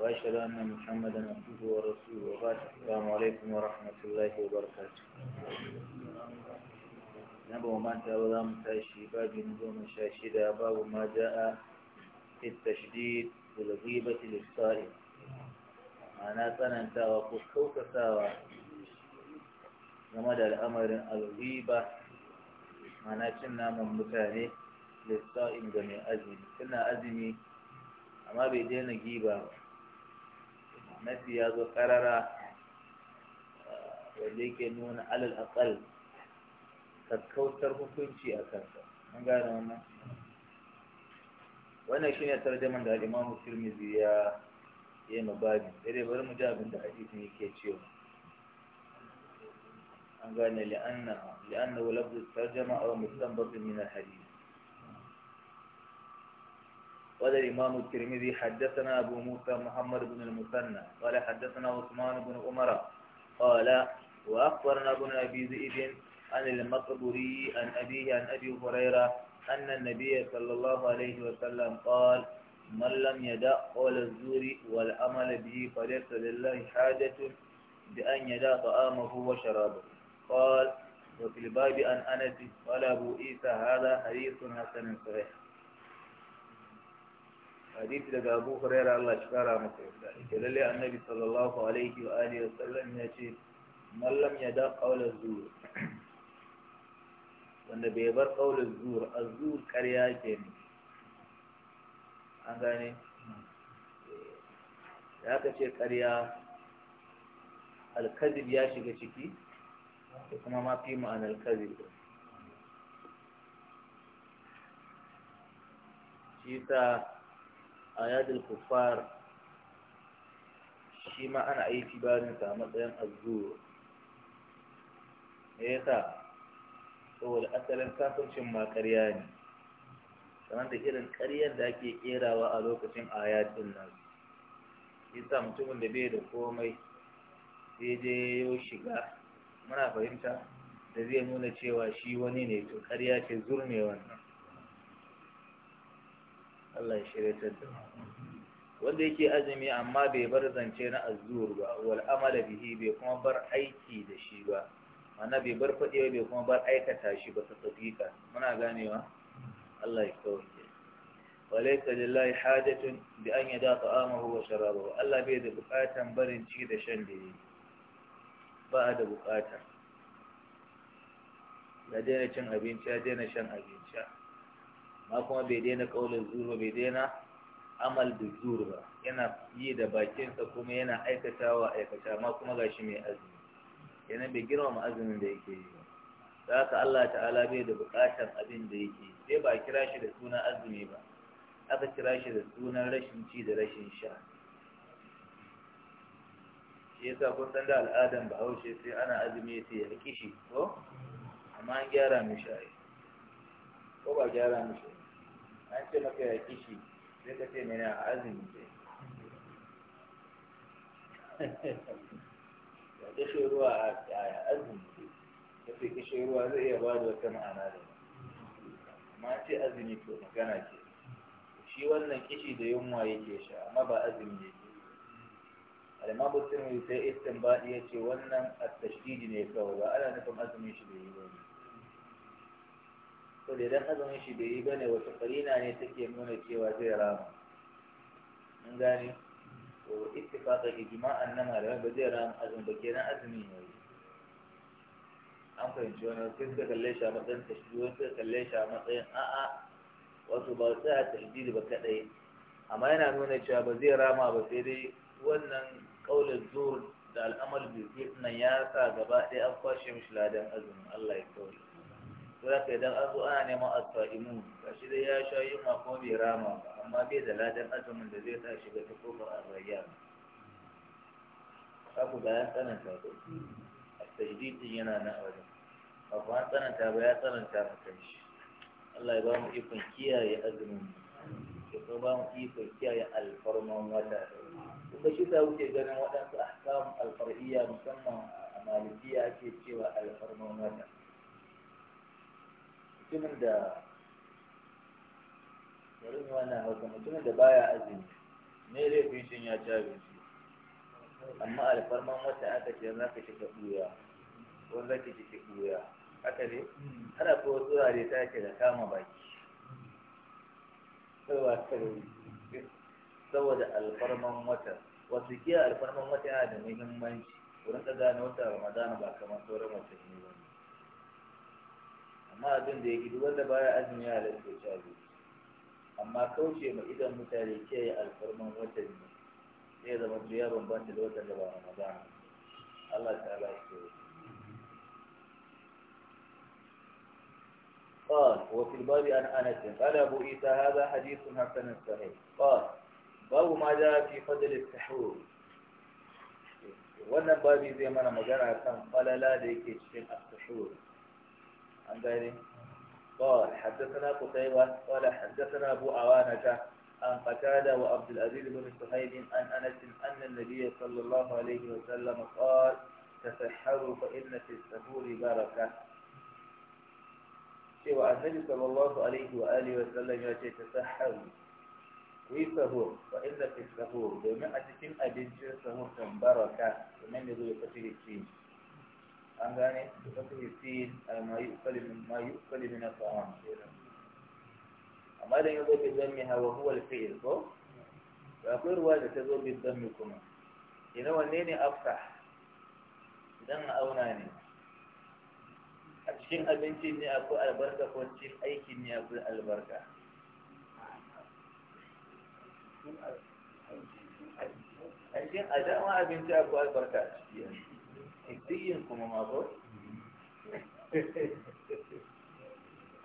وأشهد أن محمدا عبده ورسوله وبعد السلام عليكم ورحمة الله وبركاته نبو ما تأوذى تشي باب نظام شاشدة باب ما جاء في التشديد والغيبة للصائم معنى أنت وقصوك سوا game da al'amarin alghiba mana cin naman mutane lissa'in ga أزمي azumi suna azumi amma bai ما في هذا القرار وليك نون على الأقل قد كوتر هكوين شيء أكاسا من قال هنا وانا شنو يترجم عند الإمام الترمذي يا يا مباني إذا بر مجاب عند حديث نيكيتشيو أن قال لأن لأنه لفظ الترجمة أو مستنبط من الحديث قال الإمام الترمذي حدثنا أبو موسى محمد بن المثنى قال حدثنا عثمان بن عمر قال وأخبرنا بن أبي زئد عن المقبري عن أبيه عن أبي هريرة أن النبي صلى الله عليه وسلم قال من لم يدع قول الزور والعمل به فليس لله حاجة بأن يدع طعامه وشرابه قال وفي الباب عن أنس قال أبو عيسى هذا حديث حسن صحيح hadisi daga Abu Hurairah Allah shi kara masa yarda ke lalle annabi sallallahu alaihi wa ya ce mallam ya da zuwa. wanda bai bar qawla zuwa, a zur ƙarya ke ne an gane da aka ce ƙarya alkazib ya shiga ciki ko kuma ma fi ma'an alkazib ayadul kuffar shi ma ana aiki barin sa matsayin azzur me yasa saboda asalin kafircin ma karya ne sannan da irin karyar da ake ƙerawa a lokacin ayatin nan sa mutumin da bai da komai sai dai yau shiga muna fahimta da zai nuna cewa shi wani ne to ce zur wannan Allah ya shirya shiryatar da mu wanda yake azumi amma bai bar zance na azzur ba wal amal bihi bai kuma bar aiki da shi ba mana bai bar fadi bai kuma bar aikata shi ba sadaqa muna ganewa Allah ya kauce walaysa lillahi hajatun bi an yada ta'amahu wa sharabahu Allah bai da bukatan barin ci da shan da yi. ba da bukata ya daina cin abinci ya daina shan abinci ma kuma bai daina kaulin zuru bai daina amal da zuru ba yana yi da bakinsa kuma yana aikatawa aikata ma kuma gashi mai azumi yana bai girmama azumin da yake yi da haka Allah ta'ala bai da bukatar abin da yake sai ba kira shi da suna azumi ba aka kira shi da sunan rashin ci da rashin sha shi yasa kun san da al'adan bahaushe sai ana azumi sai ya kishi ko amma an gyara mishi ko ba gyara mishi an ce maka ya kishi sai ka ce mene a azumi ce ya kishe ruwa a azumi ce ka kishe ruwa zai iya ba da wata ma'ana da amma ce azumi to magana ke shi wannan kishi da yunwa yake sha amma ba azumi yake alimabu sun sai istin baɗi ya ce wannan a tashdidi ne kawai ba ana nufin azumin shi da yi ba ne so da idan azumin shi bai yi ba ne wata karina ne take nuna cewa zai rama mun gane to ittifaqan jima'an nan malamai ba zai rama azumin ba kenan azumin yi. an fahimci wani wasu suka kalle shi a matsayin tashdi wasu suka kalle shi a matsayin a'a wasu ba su a tashdi ba kaɗai. amma yana nuna cewa ba zai rama ba sai dai wannan ƙaunar zuwa da al'amal biyu nan ya sa gaba ɗaya an kwashe mishi ladan azumin Allah ya kawai za ka idan an zo ana neman asfa'imu ga shi dai ya sha yunwa ko bai rama amma bai da ladan azumin da zai sa shiga ta kofar azayya Abu da ya tsananta ko a tajdidin yana na aure ba an tsananta ba ya tsananta ma kanshi Allah ya ba mu ikon kiyaye azumin ya kuma ba mu ikon kiyaye alfarman wata kuma shi sa kuke ganin waɗansu ahkam alfar'iyya musamman a malikiya ake cewa alfarman wata mutumin da bari mu wannan hausa mutumin da baya azumi ne laifin shin ya ci abinci amma alfarman wata aka ce za ka shiga ɓuya ko za ka shiga ɓuya haka ne ana ko wurare ta ce da kama baki kaiwa kare saboda alfarman wata wasu kiyar alfarman wata yana da muhimmanci wurin ka gane wata ramadana ba kamar sauran watanni ba ne amma abin da ya gidu wanda ba baya azumi ya halatta ta biyu amma kauce ma idan mutane ke yi alfarman watan ne zai zama su ya bambanta da watan da ba ramadan Allah ta ala ya wa shi قال وفي الباب عن انس قال ابو عيسى هذا حديث حسن صحيح قال باب ما جاء في فضل السحور wannan babi zai mana magana kan falala da yake cikin as-suhur حمداني قال حدثنا قتيبة قال حدثنا أبو عوانة عن قتادة وعبد العزيز بن سهيل عن أنس أن النبي صلى الله عليه وسلم قال تسحروا فإن في السحور بركة شيء النبي صلى الله عليه وآله وسلم يأتي في سهور فإن في السحور بمئة كم أبنج سهور بركة ومن يقول فتيه عن ذلك بفقه الدين ما يؤكل من ما يؤكل من الطعام أما إذا يضرب بدمها وهو الفعل صح؟ فأقول وإذا إن هو النين أفرح دم أو ناني الشيء أبنتي إني أقول البركة والشيء hiddiyin kuma ma ko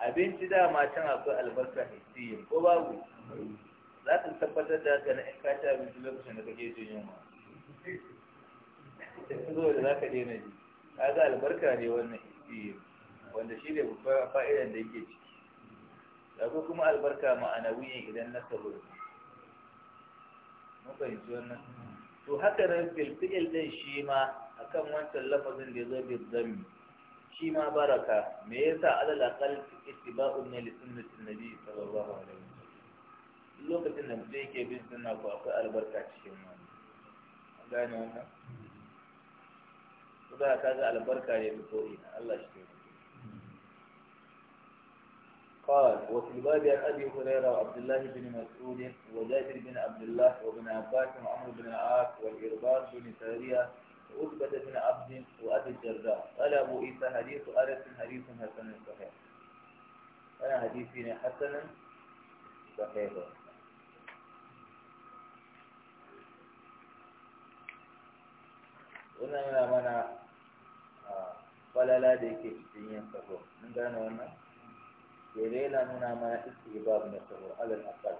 abinci da matan akwai albarka hiddiyin ko babu za ka tabbatar da haka na in ka ci abinci lokacin da kake jin yunwa zo da za ka daina ji kaga albarka ne wannan hiddiyin wanda shi ne babbar fa'idan da yake ciki akwai kuma albarka ma'anawiyin idan na sahur mun fahimci wannan to haka nan filfi'il din shi ma akan wancan lafazin da ya zo bi zammi shi ma baraka me yasa alal aqal ittiba'u ne li sunnatin nabi sallallahu alaihi wasallam lokacin da mutum yake bin sunna ko akwai albarka cikin wani an gane wannan kuma ka ga albarka ne da ko ina Allah shi ke قال وفي الباب عن ابي هريره وعبد الله بن مسعود وجابر بن عبد الله وابن عباس وعمر بن العاص والإرباط بن ساريه أثبت من عبد وأبي الدرداء قال أبو إيسى حديث أرث حديث حسن صحيح أنا حديثي حسن صحيح قلنا من أمانا آه، قال لا ديك الدين صحيح من دانونا كليلا من أمانا استجباب نصحه على الأقل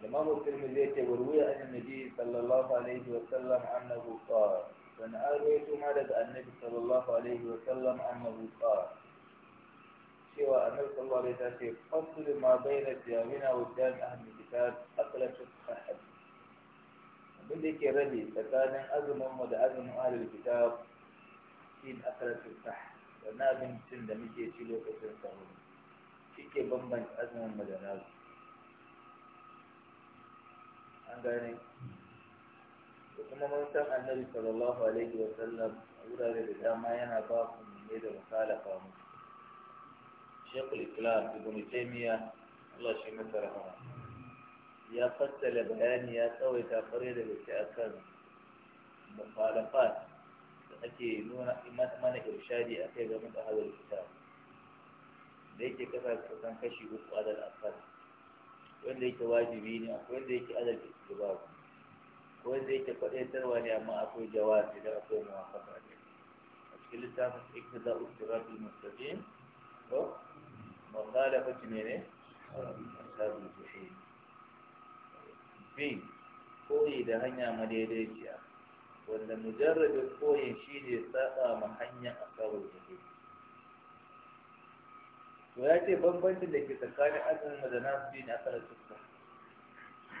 الإمام الترمذي يروي عن النبي صلى الله عليه وسلم أنه قال من أرويت مرض النبي صلى الله عليه وسلم أنه قال سوى أن صلى الله عليه وسلم فصل ما بين الجامعين والجامع أهل الكتاب أقل فقه حد من ذلك yake فكان أزم azumin أزم أهل الكتاب ahlul أقل shi ne ونابن sah wannan abincin da muke ci lokacin أزم shi ke bambanta azumin an gane da kuma mun san annabi sallallahu alaihi wa sallam a wurare da dama yana ba ku ne da mukhalafa mu shekul islam ibn taymiya Allah shi masa rahama ya fassala bayani ya tsawaita kwarai da gaske akan mukhalafat da ake nuna mana irshadi akai game da hadal kitab da yake kasa kusan kashi uku adal asali wanda yake wajibi ne akwai wanda yake adalci su ba ko wanda yake kwaɗaitarwa ne amma akwai jawabi da akwai muwafaka ne a cikin littafin iktida ustiratul mustaqim ko mukhalafati ne ne ashabul shi bin koyi da hanya madaidaiciya wanda mujarrabin koyin shi ne saɓa ma hanya da jahim to ya ce bambancin da ke tsakanin azumin madana su ne aka rasu ta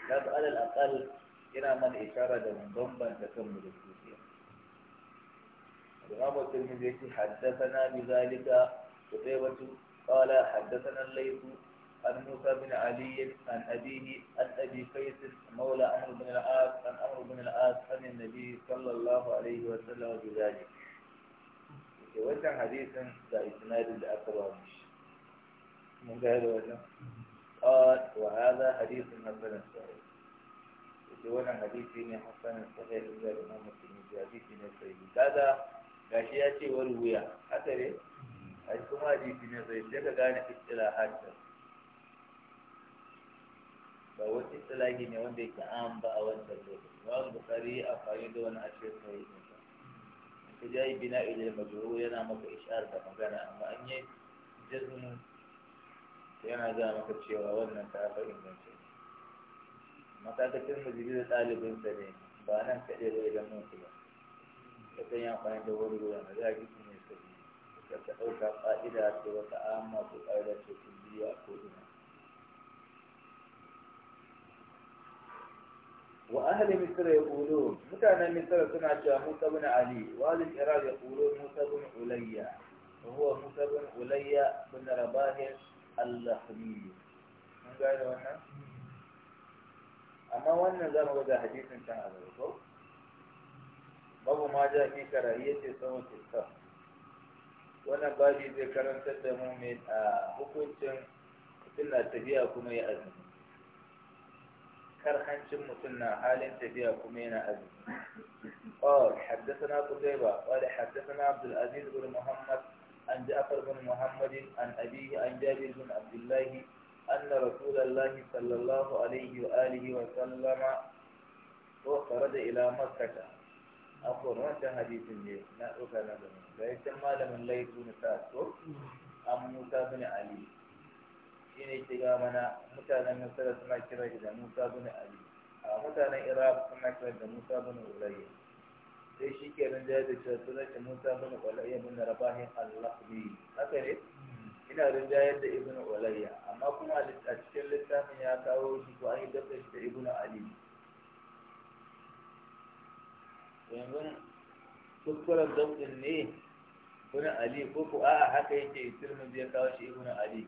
ta su alal akal yana mana ishara da bambanta kan mu da tsofiya Imam al-Tirmidhi yake haddathana bi zalika Qutaybatu qala haddathana al-Layth an Musa bin Ali an abihi an Abi Qais mawla Amr bin as an Amr bin as an nabi sallallahu alayhi wa sallam bi zalika wannan hadisin da isnadin da aka bawo من جهد وجه قال وهذا حديث حسن الصحيح يقول حديث من حسن الصحيح إلا الإمام الترمذي حديث من الصحيح كذا غشية والرواية حتى ليه؟ أيكم حديث من الصحيح لك كان اصطلاحات فهو اصطلاحي من وندي كعام بأوان تلوك وان بخاري أفايد وان أشير صحيح فجاي بناء إلى المجهور ينامك إشارة مجانا أما أني جزم yana gaya maka cewa wannan ta fa inganci matakacin majibi da ɗalibinsa ne ba nan kaɗai ba idan mun ba da kan yi amfani da wani ruwa, na za a gisi mai sabi da ka ɗauka fa'ida ce wata amma ko ƙa'ida ce kun biya ko ina wa ahli misr yaqulu mutanen misr suna cewa Musa ibn Ali wa ahli Iraq yaqulu Musa ibn Ulayya wa huwa Musa ibn Ulayya ibn Rabah al mun wannan amma wannan za mu ga hadisin can a ko babu ma ja fi karahiyyati sawm tilka wannan babi zai karantar da mu mai hukuncin mutum na tafiya kuma ya azumi كرهنشم مثلنا حال تبيع كمينا أبي قال حدثنا قتيبة قال حدثنا عبد العزيز بن محمد عن جعفر بن محمد عن أبيه عن جابر بن عبد الله أن رسول الله صلى الله عليه وآله وسلم وخرج إلى مكة أقول وانت حديث لي لا أكلم ليس ما لم ليس نساته أم موسى بن علي shine shiga mana mutanen Misra suna kira da Musa bin Ali a mutanen Iraq suna kira da Musa bin Ulayya sai shi ke nan jaya da cewa sunan shi musa bin ulayya bin rabahin Allah ne haka ne ina jayar da ibn walayya amma kuma a cikin littafin ya kawo shi ko an yi dabda shi da ibn ali yanzu kuskuren dabdin ne ibn ali ko ko a'a haka yake tirmidhi ya kawo shi ibn ali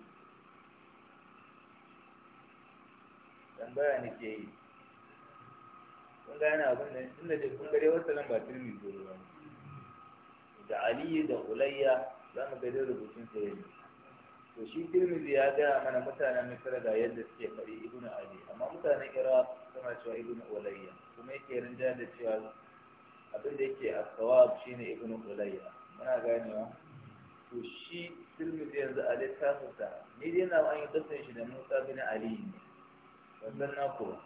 tambaya ke yi kun ga yana abin nan tunda dai kun gare wata nan ba turmi dole ba da aliyu da ulayya za mu gare rubutun sa yanzu to shi tirmidhi ya gaya mana mutanen misra ga yadda suke faɗi ibnu ali amma mutanen iraq suna cewa ibnu ulayya kuma yake rinja da cewa abin da yake as shine ibnu ulayya muna ganewa to shi tirmidhi yanzu a littafin sa ni dai na an yi dasan shi da musa bin ali ne wannan na kuwa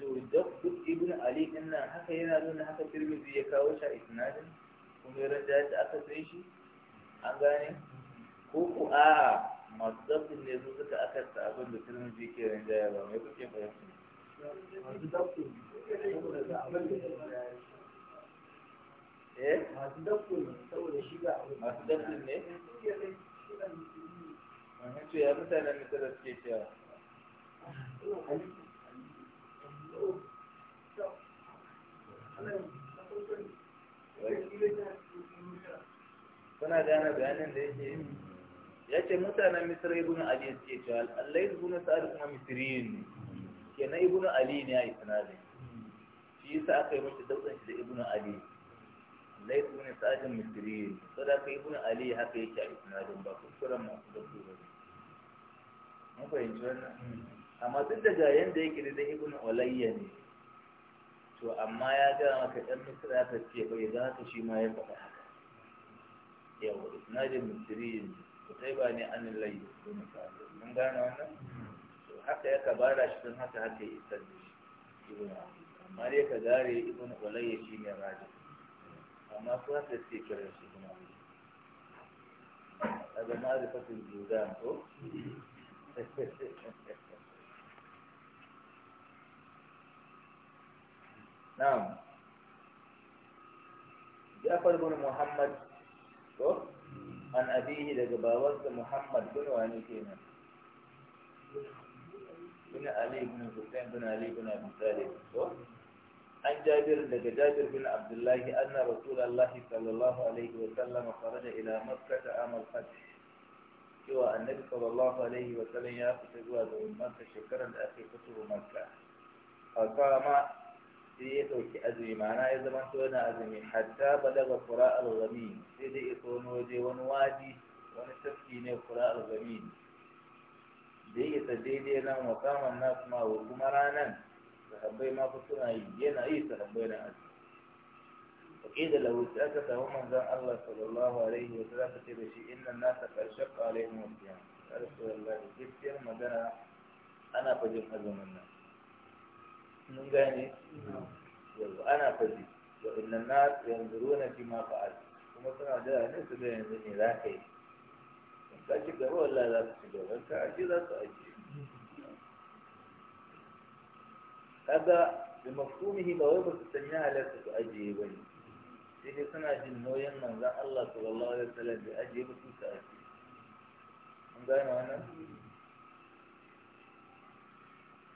to duk ibn ali inna nan haka yana nuna haka tirmidhi ya kawo shi a isnadin kuma ya rada da aka san shi an gane ko ku a masu dabtin ne su suka aka sa abin da tirmidhi ke rinjaya ba mai kuke fahimta eh masu dabtin saboda shiga masu dabtin ne Mahaifiyar mutanen da suke cewa. kuna gane bayanin da yake ya ce mutanen misir ibn ali suke cewa allai ibn sa'ad kuma misriyin ne Ke na ibn ali ne a isnadin shi yasa aka yi mashi daukan shi da ibn ali allai ibn sa'ad misriyin so da aka ibn ali haka yake a isnadin ba kuskuren masu dauko ba mun fahimci wannan amma duk da ga yanda yake da ibn ulayya ne to amma ya ga maka dan misra ta ce bai za ka shi ma ya faɗa haka Yau, yawa isnadin misriyin sai ba ne an layi mun gane wannan to haka ya kabara shi don haka haka ya isar da shi ibn amma dai ka gare ibn ulayya shi ne raji amma su haka suke kiran shi ibn ulayya daga ma'arifatul judan ko نعم جعفر بن محمد عن أبيه لجباوز محمد بن واني كينا بن علي بن حسين بن علي بن أبي طالب عن جابر لجابر بن عبد الله أن رسول الله صلى الله عليه وسلم خرج إلى مكة عام الفتح سوى النبي صلى الله عليه وسلم يا fita zuwa domin شكرا لأخي da مكة fito سيد أزمي معنا إذا ما تونا أزمي حتى بلغ فراء الغمين سيد إطون وجي ونوادي ونسفكين فراء الغمين دي يتجيدي لنا مقام الناس ما ورغمرانا فهبي ما فتنا يجينا أي فهبينا أزمي وكيد لو سأكت هم من الله صلى الله عليه وسلم بشيء إن الناس فأشق عليهم وفيهم قال رسول الله جبتهم ودنا أنا فجم أزمي الناس mun gane yanzu ana faɗi wa inna nas yanzuruna fi ma fa'al kuma suna da ne su ga yanzu ne za ka yi ka ci gaba za su ci gaba ka za su aji kaga da mafhumihi ba wai ba su sanya halatta su ajiye ba ne sai dai suna jin nauyin manzon Allah sallallahu alaihi wasallam da ajiye ba su su ajiye mun gane wannan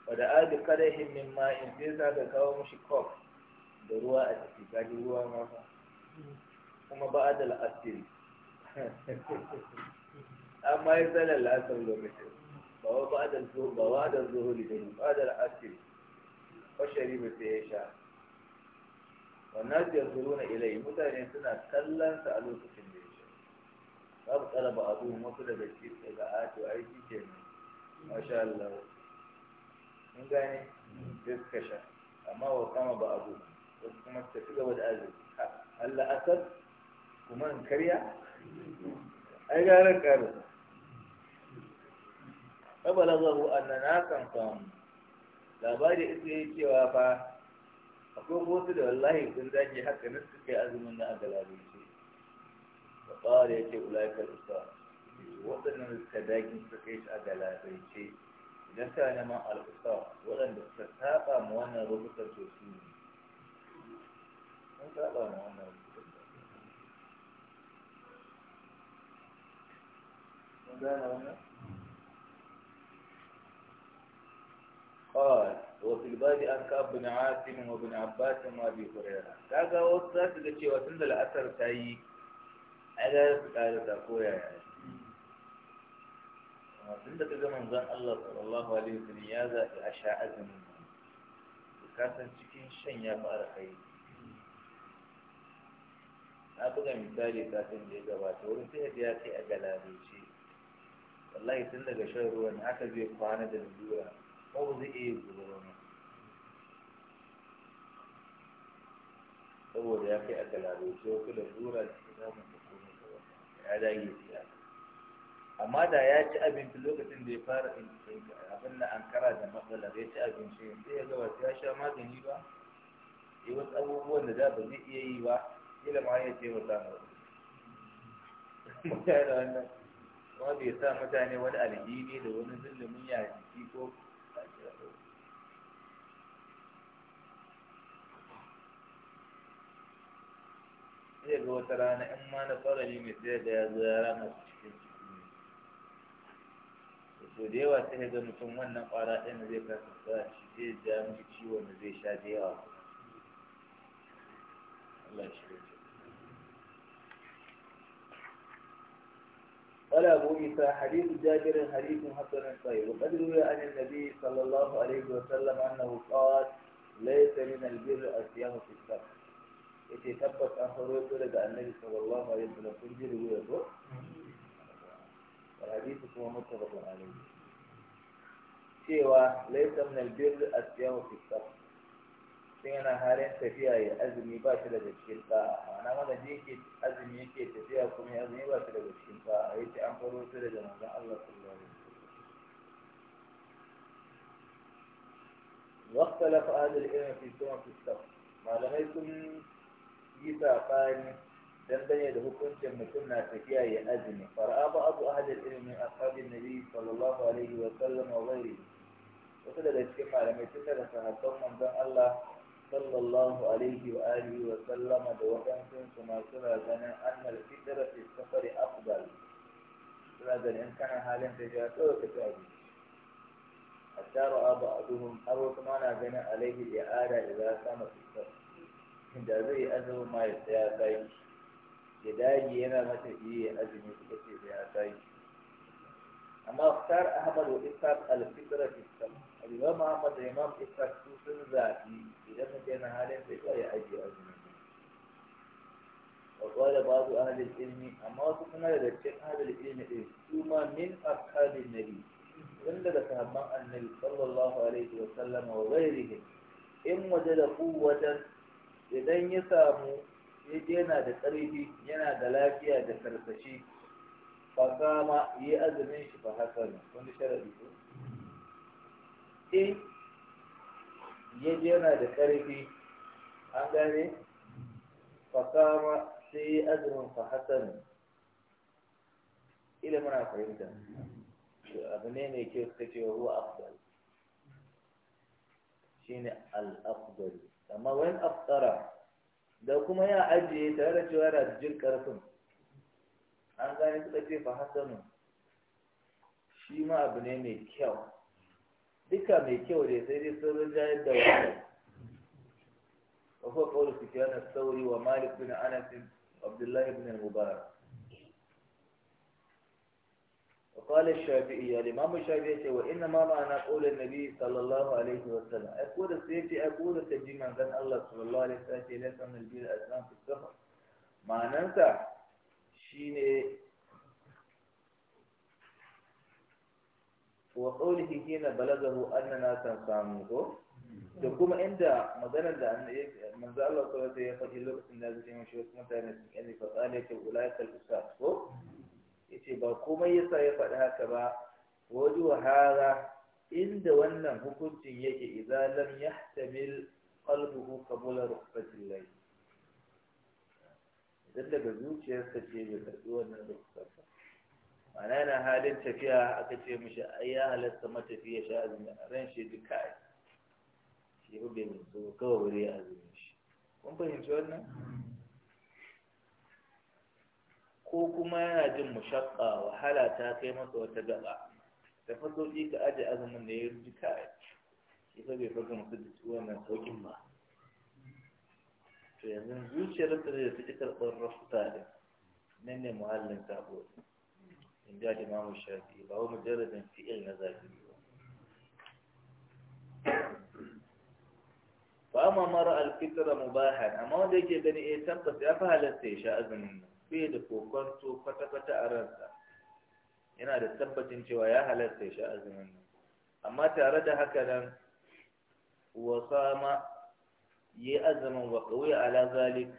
wadda abi kadahin min ma'in sai sa ka kawo mashi kof da ruwa a ciki kaji ruwa mafa kuma ba adal asiri amma yi sanar la'asar lokacin ba wa ba adal zuhuri ba wa adal zuhuri da ba adal asiri bashari ba sai ya sha wannan su yanzu runa ilai mutane suna kallon sa a lokacin da ya sha babu tsara ba abu wasu daga cikin daga ato aiki kenan masha Allah mun gane sai sha amma wa kama ba abu wasu kuma ta fi gaba da azu Allah asar kuma in karya ai gara karu kabala zahu annana kan ba labari ita yi cewa fa akwai wasu da wallahi sun zage haka na suke azumin na agalabi ce da tsawar ya ce ulaikar usa waɗannan suka dagin suka yi shi agalabi ce na sa neman alkusa waɗanda suka saba ma wannan rubutar to su ne sun saba ma wannan rubutar mun gane wannan قال وفي الباب عن كعب بن عاصم وابن عباس وابي هريره كاغا وصلت لكي وتند الاثر تاي اغا قال تاكويا يعني tun da kaga manzon Allah sallallahu alaihi wasallam ya zaɓi a sha azumi ka san cikin shan ya fara alkhairi na buga misali kafin da ya gabata wurin sai ya kai a galabaice wallahi tun daga shan ruwa ne aka zai kwana da lura ko zai iya zuwa saboda ya kai a galabaice wasu lura da suke zamu da komai ya dage amma da ya ci abinci lokacin da ya fara abin da ankara da da ya ci abinci sai ya gaba ya sha magani ba ya wasu abubuwan da za ba zai iya yi ba ila ma ya ce wata ba mutane wanda kuma bai sa mutane wani alhini da wani zulumin ya jiki ko sai ga wata rana in ma na fara ne mai sai da ya zo ya rana cikin su to da yawa sai ga mutum wannan ƙwara ɗin zai kasa sa shi zai ja mishi ciwon da zai sha da yawa Allah shi ya قال أبو عيسى حديث جابر حديث حسن صحيح وقد روي عن النبي صلى الله عليه وسلم أنه قال ليس من البر الصيام في السبت يتثبت أن رويته لدى النبي صلى الله عليه وسلم كل رويته والحديث هو متفق عليه cewa laisa min albir asiyamu fi sai yana halin tafiya ya azumi ba shi daga cikin sa'a ma'ana wanda da yake azumi yake tafiya kuma ya azumi ba shi daga cikin sa'a yace an faro Allah واختلف أهل العلم في السفر ما لم يكن تنبني له كنت مكنا فتياي أزمي فرأى بعض أهل العلم أصحاب النبي صلى الله عليه وسلم وغيره وصل إلى كم على ما يتم لسنا ثم من الله صلى الله عليه وآله وسلم دوكان سن ثم سنة أن الفترة في السفر أفضل سنة إن كان حالا تجاهته وكتابه حتى رأى بعضهم أروا كما نعزنا عليه الإعادة إذا كان في السفر عند ذي أزل ما يستيقظ ya dage yana mata iya azumi suka ce da ya sai amma Ustaz Ahmad wa Ishaq al-Fitra fi al-Imam Ahmad da Imam Ishaq su sun zafi idan mutum yana halin sai kawai ya ajiye azumi wa qala ba'du ahli al-ilmi amma wasu kuma da cikin ahli al-ilmi din su ma min ashabin nabi tun daga sahabban annabi sallallahu alaihi wa sallama wa ghairihim in wajada quwwatan idan ya samu yake yana da ƙarfi yana da lafiya da karsashi fa kama yi azumin shi fa ne wani sharadi ko ya yaje yana da ƙarfi an gane fa kama sai yi azumin fa ne ila muna fahimta abu ne mai kyau suka ce wa ruwa afdal shine al-afdal amma wani aftara da kuma ya ajiye tare da cewa da jin ƙarfin, an gane suka ce fa hasanu shi ma abu ne mai kyau duka mai kyau ne sai dai sun rinja da wani wa kuwa kawo da sauri wa malik bin anas abdullahi bin mubarak وقال الشافعي الإمام الشافعي وإنما معنى قول النبي صلى الله عليه وسلم أقول السيتي أقول تجمع ذن الله صلى الله عليه وسلم ليس من البيل الأسلام في السفر معنى شيني وقوله هنا بلغه أننا سنسامه da kuma inda maganar da manzo Allah sallallahu alaihi wasallam ya faɗi lokacin da zai yi mashi wasu mutane sun yi fa tsale ta ulai kal usas ko yace ba komai yasa ya faɗi haka ba waju hara inda wannan hukuncin yake idan lam yahtamil qalbuhu qabula ruhbatillah idan daga zuciyarsa ce bai karɓi wannan ruhsar ba ma'ana yana halin tafiya aka ce mishi ai ya halatta matafiya sha azumi a ran shi duk kai shi ba bai mutu kawai wuri ya azumi shi kun fahimci wannan ko kuma yana jin mushakka wahala ta kai masa wata gaba da fasoji ka aje azumin da ya rubuta shi fa bai farka masa da wannan saukin ba to yanzu zuciyar ta da take karɓar rafuta da nan ne muhallin sabo in ji mamu shafi ba wani mujarradin fi'il na zafi ba ba ma mara alfitra mubahan amma wanda yake gani eh tabbas ya fi halatta ya sha azumin nan bai da kokonto kwata-kwata a ransa yana da tabbacin cewa ya halarta shi azumin nan amma tare da haka nan wa ya yi azumin wa kawai ala zalik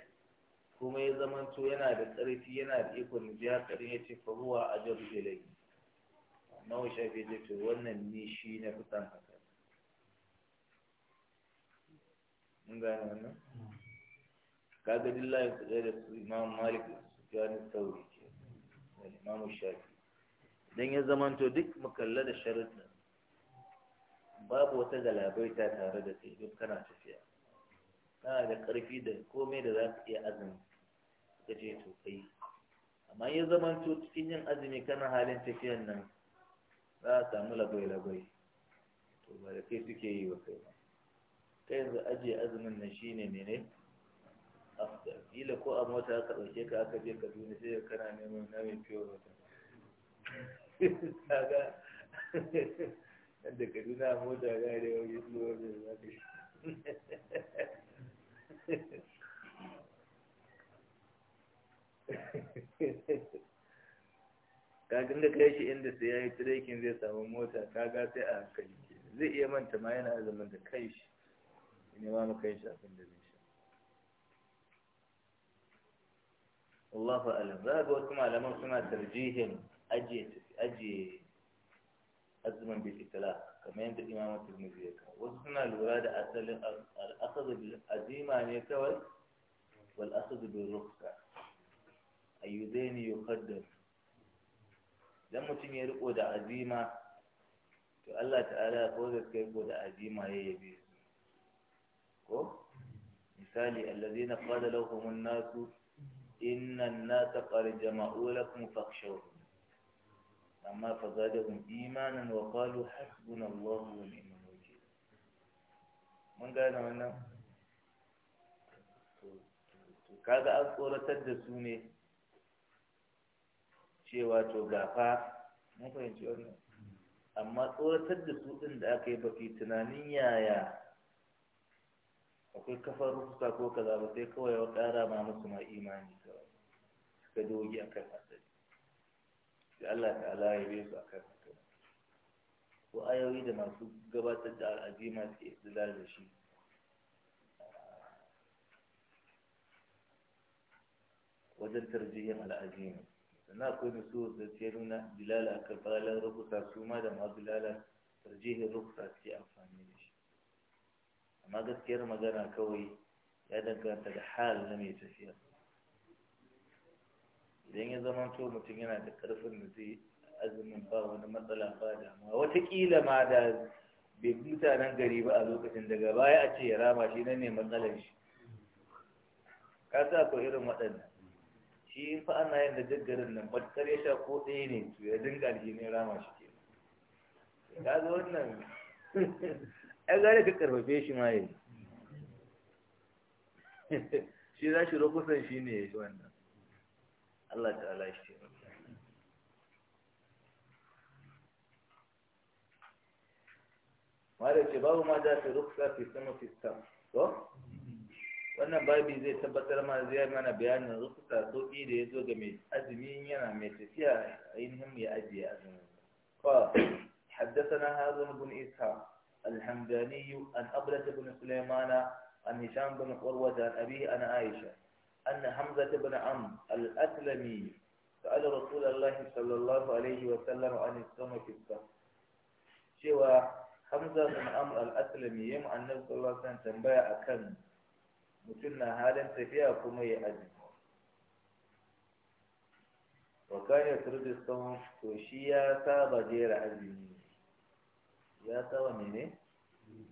kuma ya zamanto yana da ƙarfi yana da ikon ji hakarin ya ce fa a jar ilai amma wa shafi ya ce wannan ni shi na fitan haka mun gane hmm. kaga dillahi da su imam malik sufyan sauri ke da mamu shafi don ya zamanto duk mukalla da nan babu wata ta tare da kai duk kana tafiya kana da ƙarfi da komai da za ka iya azumi ka je to kai amma ya zamanto cikin yin azumi kana halin tafiyan nan za a samu labai-labai to ba da kai suke yi wa kai ba kai yanzu ajiye azumin nan shine ne ne kila ko a mota ka ɗauke ka aka je kaduna sai ka kana neman na mai fiye wata kaga da kaduna mota ga da wani tsohon da za ka shi kagin da kai shi inda sai ya yi tirekin zai samu mota kaga sai a hankali zai iya manta ma yana azumin da kai shi ne ma mu kai shi abin da zai الله أعلم لا أقول لكم على موسم ترجيه أجي أجي أزمن بالإتلاف كما عند الإمام الترمذي وسنة الولادة أسأل الأخذ بالعزيمة أن يتول والأخذ بالرخصة أي ذين يقدم لما تنير قد عزيمة الله تعالى قوزت كيف قد عزيمة هي بيزن كو مثالي الذين قال لهم الناس إن الناس قد جمعوا لكم فاخشوهم أما فزادهم إيمانا وقالوا حسبنا الله ونعم الوكيل من قال لنا kaga an tsoratar da su ne cewa mun fahimci wannan amma tsoratar da su ɗin da aka yi bafi tunanin yaya akwai kafar rufuka ko kaza ba sai kawai ya ƙara ma musu ma imani ta dogi akan asali da Allah ta ala ya bi su akan haka ko ayoyi da masu gabatar da al'azima suke istidlal da shi wajen tarjihin al'azima sannan akwai nusu da ce nuna dilala a kan falalar rukusa su ma da ma dilala tarjihin rukusa ke amfani da shi amma gaskiyar magana kawai ya danganta da hal na mai tafiya idan ya zama to mutum yana da karfin da zai azumin ba wani matsala ba da ma. watakila ma da bai mutanen gari ba a lokacin daga baya a ce ya rama shi na ne matsalar shi ka sa ko irin waɗannan shi fa ana yin da jaggarin nan matkar ya sha ko ɗaya ne to ya dinga ne rama shi ke ka ga wannan ai gare ka karfafe shi ma yi. shi za shi rokusan shi ne ya shi wannan الله تعالى يشفيه مارا چه باب ما ذات رخ سا في سمو في السم وانا باي بيزي تبت لما زيار مانا بيان رخ سا تو اي دي ازمين ينا ميت سيا اينهم يا ازي ازمين فا حدثنا هذا ابن إسحاق الحمداني أن أبرز بن سليمان عن هشام بن قروة عن أبيه أنا عائشة أن حمزة بن عم الأسلمي سأل رسول الله صلى الله عليه وسلم عن السمع في السمع شوى حمزة بن عم الأسلمي يم عن النبي صلى الله عليه وسلم تنبأ أكن متنا حالا تفيا كما يأذن وكان يسرد الصوم وشيا سابا جير عزمي يا سابا مني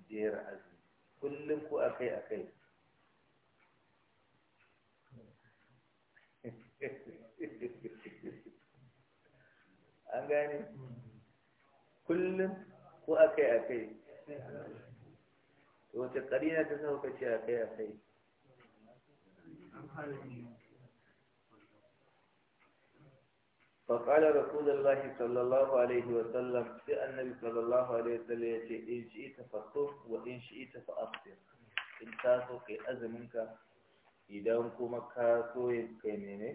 جير عزمي كلكم أكي أكي an كل kullum ko akai akai wace karina ta sauka فقال رسول الله صلى الله عليه وسلم في النبي صلى الله عليه وسلم يتي إن شئت فصف وإن شئت فأفطر إن تاسو كي أزمنك إذا أنكم كاسو يكيميني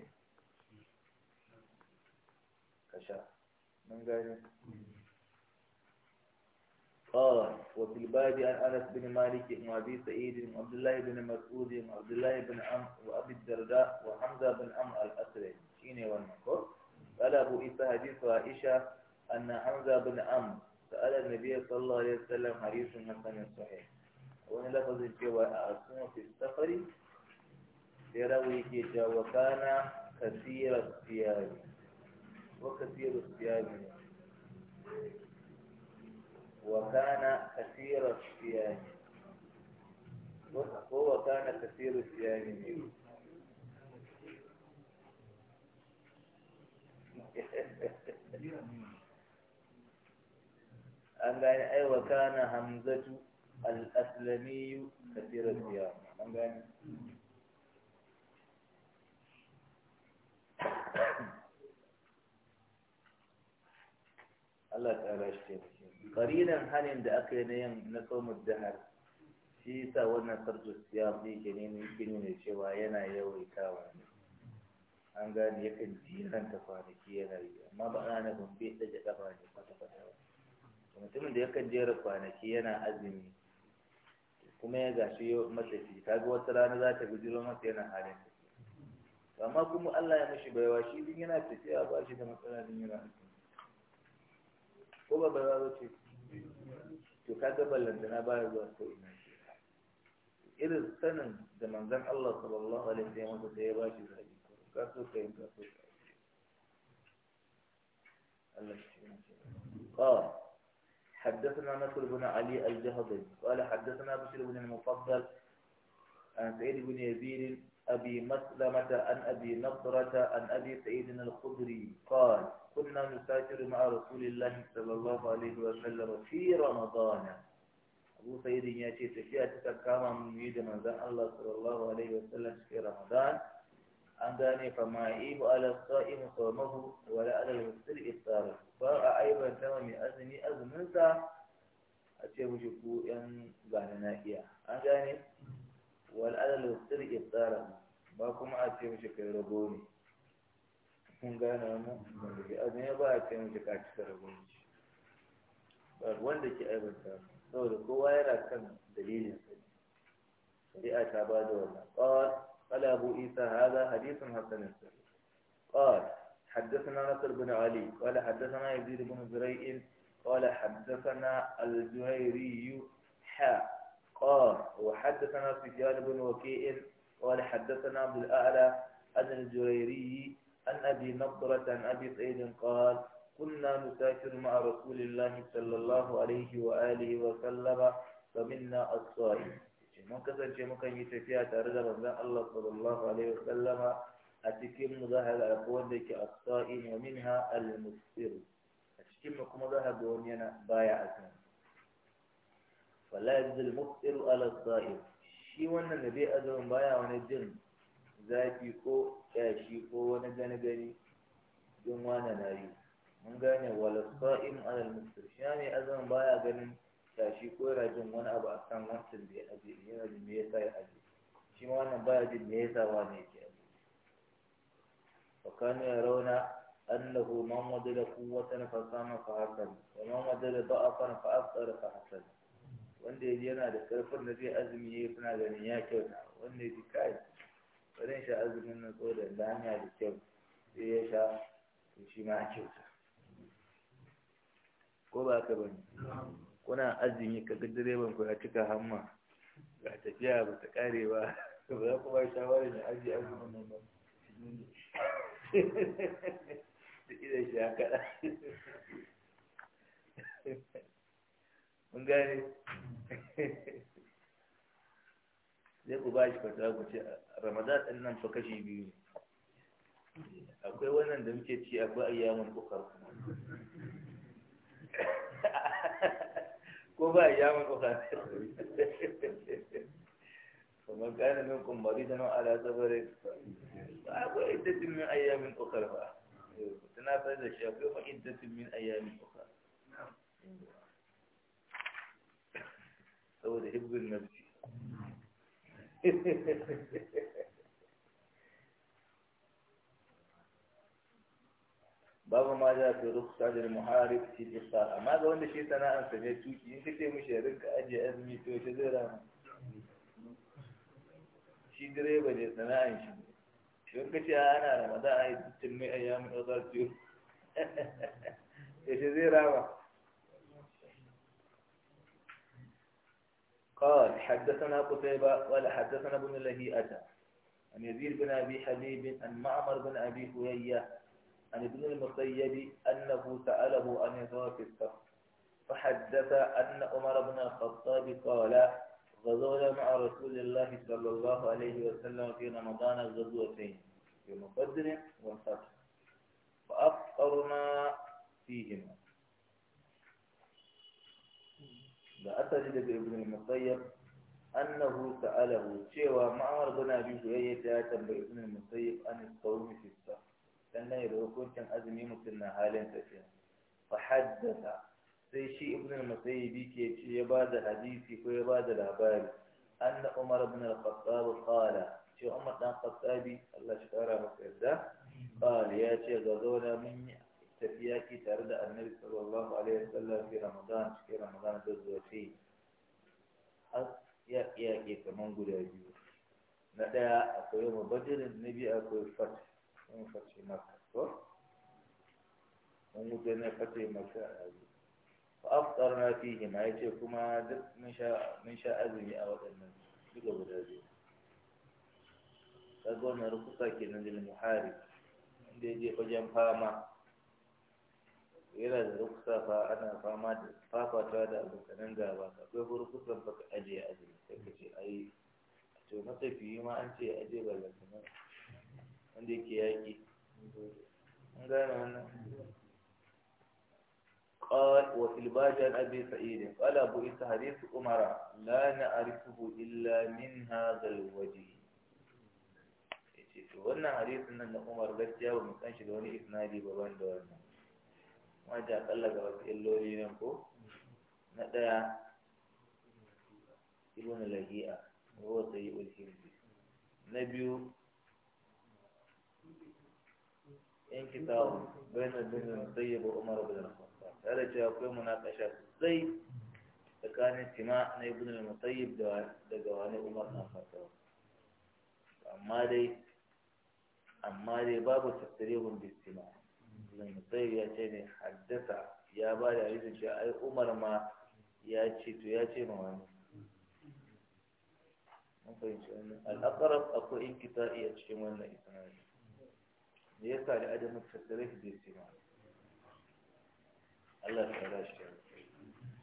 كشاف من ذلك قال وفي الباب عن انس بن مالك وابي سعيد وعبد الله بن مسعود وعبد الله بن عم وابي الدرداء وحمزه بن عم الاسري شيني والمنكر قال ابو عيسى حديث عائشه ان حمزه بن عم سال النبي صلى الله عليه وسلم حديث حسن صحيح وان لفظ الجوى في السفر يروي كي وكان كثير الثياب وكثير الصيامه وكان كثير الصيام وهو كان كثير الصيام أن أيوة أي وكان همزة الأسلمي كثير الصيام أن قال Allah ta'ala shi taimake qarinan da aka yi na yin na somar jihar shi yasa wannan sarjo ya fi ke ne yake ne cewa yana yawaitawa ne an gane yakan jiranta kwanaki yana yi amma ba ana nufin da ta ƙafa ne kwata-kwata ba mutumin da yakan jera kwanaki yana azumi kuma ya gashi ta ga wata rana za ta gujiro masa yana halin amma kuma Allah ya mashi baiwa shi din yana tafiya ba shi da matsala din yana azumi ko ba ba za ce to ka ga ballantana ba ya zuwa ko ina irin sanin da manzan Allah sallallahu alaihi wasallam da ya ba shi zabi ka so ka yi ka so ka yi Allah shi ne قال حدثنا نصر بن علي الجهضي قال حدثنا بشير بن المفضل عن سعيد بن يزيد أبي مسلمة عن أبي نضرة عن أبي سعيد الخدري قال كنا نسافر مع رسول الله صلى الله عليه وسلم في رمضان أبو سعيد يأتي تفيا تتكاما من يد من الله صلى الله عليه وسلم في رمضان an gane fa ma ibu ala sa'im sawmahu wa la ala al-mustir iftar ba a aiban ta mai azumi azumin sa a ce mushi ku yan gane na iya an gane wal adal yuftir iftara ba kuma a ce mishi kai rago ne kun gane mu a azumi ba a ce mishi ka cika rago ne ba wanda ke aibanta saboda kowa yana kan dalilin sai a ta ba da wannan qal qala abu isa hada hadithun hasan sahih qal حدثنا نصر بن علي قال حدثنا يزيد بن زريع قال حدثنا الجهيري حاء قال وحدثنا سفيان بن وكيع قال حدثنا عبد ان الجريري ان ابي نضره عن ابي قيد قال كنا نسافر مع رسول الله صلى الله عليه واله وسلم فمنا الصائم من كسر شيء ممكن يتفيا تارد الله صلى الله عليه وسلم أتكلم مظهر أقول لك الصائم ومنها المفسر أتكلم مظهر دونينا بايع أسنان wala yajzul muftiru ala sahib shi wannan da bai azumin baya wani jin zafi ko kyashi ko wani gani gani jin wani nari mun gane wala sa'im ala al-muftir shi ne azumin baya ganin kyashi ko yana jin wani abu a kan da ya aje yana jin me yasa ya aje shi ma wannan baya jin me yasa wani yake aje fa ya rauna annahu man wadala quwwatan fa sama fa hasan wa man wadala da'afan fa afṭara fa hasan wanda ya yana da ƙarfin da zai azumi ya yi suna ganin ya kyauta wanda ya ji kai zan sha azumin na tso da hanya da kyau sai ya sha to shi ma kyauta ko ba ka bane kuna azumi ka ga direban ku ya cika hamma ga tafiya ba ta kare ba ba za ku ba shawarar da aji azumin nan ba da idan shi haka Mun gane? Zai ku ba shi fata ku ce, Ramadan ɗin nan fa kashi biyu. Akwai wannan da muke ci akwai ayyaman ƙoƙar. Ko ba ayyaman ƙoƙar? Kamar gane min kumbari da nan ala sabare. Ba akwai iddatin min ayyamin ƙoƙar ba. Tana fara da shi akwai ma iddatin min ayyamin ƙoƙar. هو ده حب المجدي بابا ما جاء في رخصة للمحارب في الإخطار ما ده وانا شيء أنا أنسى يا توتي إنك تي مش هرك أجي أزمي تو شدير أنا شيء قريبا يا سناء شو انك تي أنا رمضان هاي تتمي أيام الأخطار تيو يا شدير أنا قال حدثنا قتيبة قال حدثنا ابن لهيئة عن يزيد بن أبي حبيب عن معمر بن أبي هرية عن ابن المطيب أنه سأله أن يزور في السفر فحدث أن عمر بن الخطاب قال غزونا مع رسول الله صلى الله عليه وسلم في رمضان غزوتين يوم قدر وفتح فأفطرنا فيهما da asali daga ibn musayyab annahu sa'alahu cewa ma'amar bin abi zuhayya ta tambayi ibn musayyib an sawmi fi saf dan ne da hukuncin azumi mutum na halin tafiya fa haddatha sai shi ibn musayyib ke ce ya ba da hadisi ko ya ba da labari anna umar ibn al-khattab qala ce umar dan khattabi Allah shi kara masa yarda qala ya ce ga zauna mun yi Tafiya ke tare da annabi sallallahu alaihi wasallam fi ramadan cikin ramadan da zuwa ce ya ke kaman guda biyu na ɗaya akwai yamma badirin na biyu akwai fat in fashe maka ko in wuce na fashe maka a yi fa aftar na fi hima ya ce kuma duk mun sha azumi a waɗannan duka guda biyu kaga wannan rukusa kenan da muharib inda ya je fajen fama yana da ruksa fa ana fama da fafata da abokanan gaba akwai burkutan baka aje azumi sai ka ce A ai to matafiyi ma an ce aje ba da kuma wanda ya ke yaƙi an gane wannan Ƙawar wa قال وفي الباج عن ابي سعيد قال ابو عيسى حديث عمر لا نعرفه الا من waje. Ya ce to wannan hadisin nan na Umar gaskiya ba mu san shi da wani isnadi ba ban da wannan wajen akalla ga wasu illoli nan ko na ɗaya ibn lahi'a wa sayi ulhimbi na biyu yan kitabu bai na bayanar birnin ba umar bin al-khattab tare da cewa akwai munakasha sosai tsakanin tima na ibn al-musayyib da daga wani umar na khattab amma dai amma dai babu tasirihun bistima من الضيف يأتيني حدثة يا بالي عزيز جاء عمر ما يأتي تو يأتي ما وين الأقرب أقوى إن كتاب يأتي ما وين إسناد يسعى لأدم التدريس بإستماع الله تعالى شكرا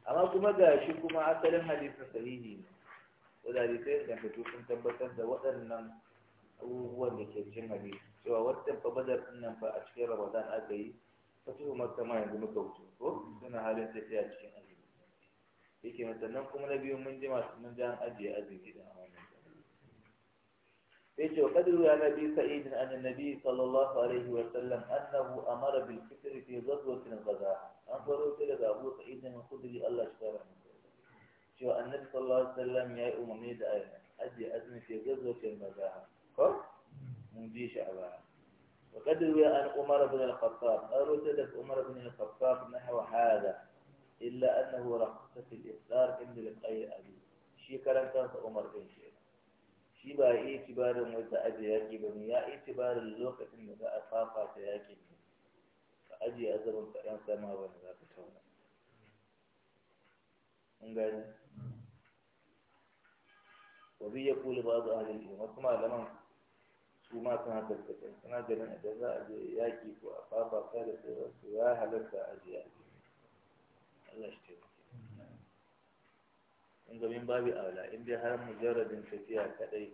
أما كما قال شكما أتلا حديث سليدين وذلك يحدث أن تبتن دوأنا هو اللي كيتشن حديث cewa wancan fa badar din nan fa a cikin ramadan aka yi fatihu makka ma yanzu muka wuce ko suna halin tafiya cikin azumi yake mata nan kuma na biyu mun ji masu mun ji an ajiye azumi da wannan yace wa qadru ya nabi sa'id an annabi sallallahu alaihi wa sallam annahu amara bil fitr fi ghazwatin ghaza an faro ta daga abu sa'id min khudri Allah shi kara cewa annabi sallallahu alaihi wa sallam ya yi umarni da ajiye azumi fi ghazwatin ghaza ko mun ji وقد روي عن عمر بن الخطاب قالوا سيدك عمر بن الخطاب نحو هذا إلا أنه رخص في الإفطار عند لقي أبي شي كلام كان عمر بن شيخ شي باي اعتبار متى ياكي بني يا اعتبار اللوكة متى أصافة ياكي فأجي أزر كلام سما وأنا ذاك تونا وبي يقول بعض أهل العلم وكما لمن su ma suna tattakin suna ganin idan za a je yaƙi ko a fafata da sauransu ya halatta a je yaƙi Allah shi taimake in ga min babu aula in dai har mujarradin tafiya kadai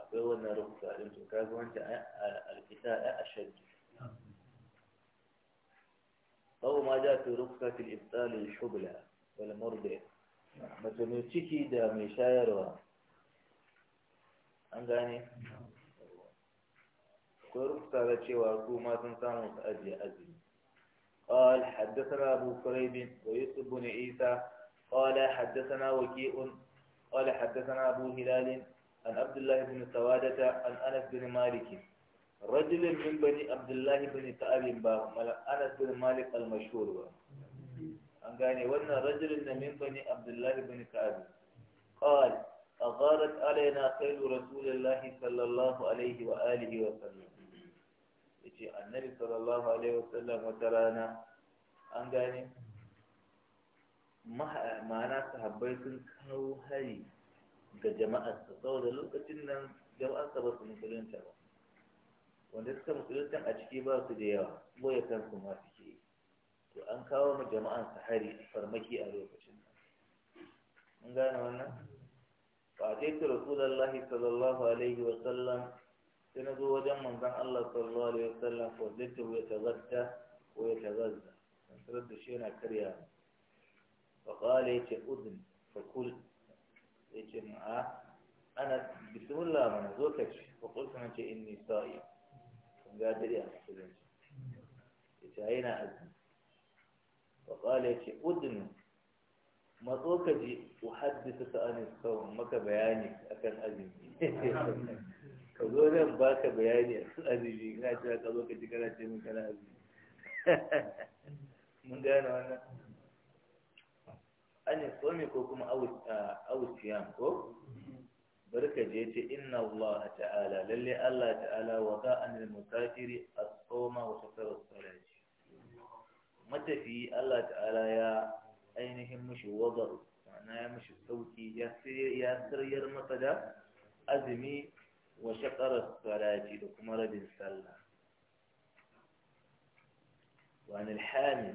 akwai wannan rubuta din to kaga wancan alkita a ashaddu أو ما جاء في رخصة الإبطال الحبلى والمرضع مثلا ciki da mai shayarwa. an gane ko rubuta da cewa su ma sun samu su ajiye azumi قال حدثنا أبو كريب ويوسف بن عيسى قال حدثنا وكيء قال حدثنا أبو هلال عن عبد الله بن سوادة عن أنس بن مالك رجل من بني عبد الله بن كعب أنس بن مالك المشهور أن قال وانا رجل من بني عبد الله بن كعب قال أغارت علينا خير رسول الله صلى الله عليه وآله وسلم yace annabi sallallahu alaihi wasallam wata rana an gane ma'ana sahabbai sun kawo hari ga jama'arsa saboda lokacin nan jama'arsa ba su wanda suka musulunta a ciki ba su da yawa boye kansu ma suke to an kawo ma jama'an hari farmaki a lokacin nan An gane wannan فأتيت رسول الله صلى الله عليه وسلم سنزو وجم من ذن الله صلى الله عليه وسلم فوجدته يتغدى ويتغذى رد شينا كريا فقال يتي أذن فقل يتي معاه أنا بسم الله من زوكك فقلت من إني صائم قادر يا مسلم يتي أين أذن فقال يتي أذن matso ka je ku haddisa ta an sauran maka bayani akan azumi ka zo nan ba ka bayani akan azumi kana cewa ka zo ka ji kana ce min kana azumi mun gane wannan anin tsomi ko kuma awusiyam ko barka je ce inna Allah ta'ala lalle Allah ta'ala wa a nil musafiri a tsoma wa safar as matafi Allah ta'ala ya ainihin mashi wadar ma'ana ya mashi sauki ya siryar masa da azumi wa shakarar salati da kuma rabin sallah wani alhami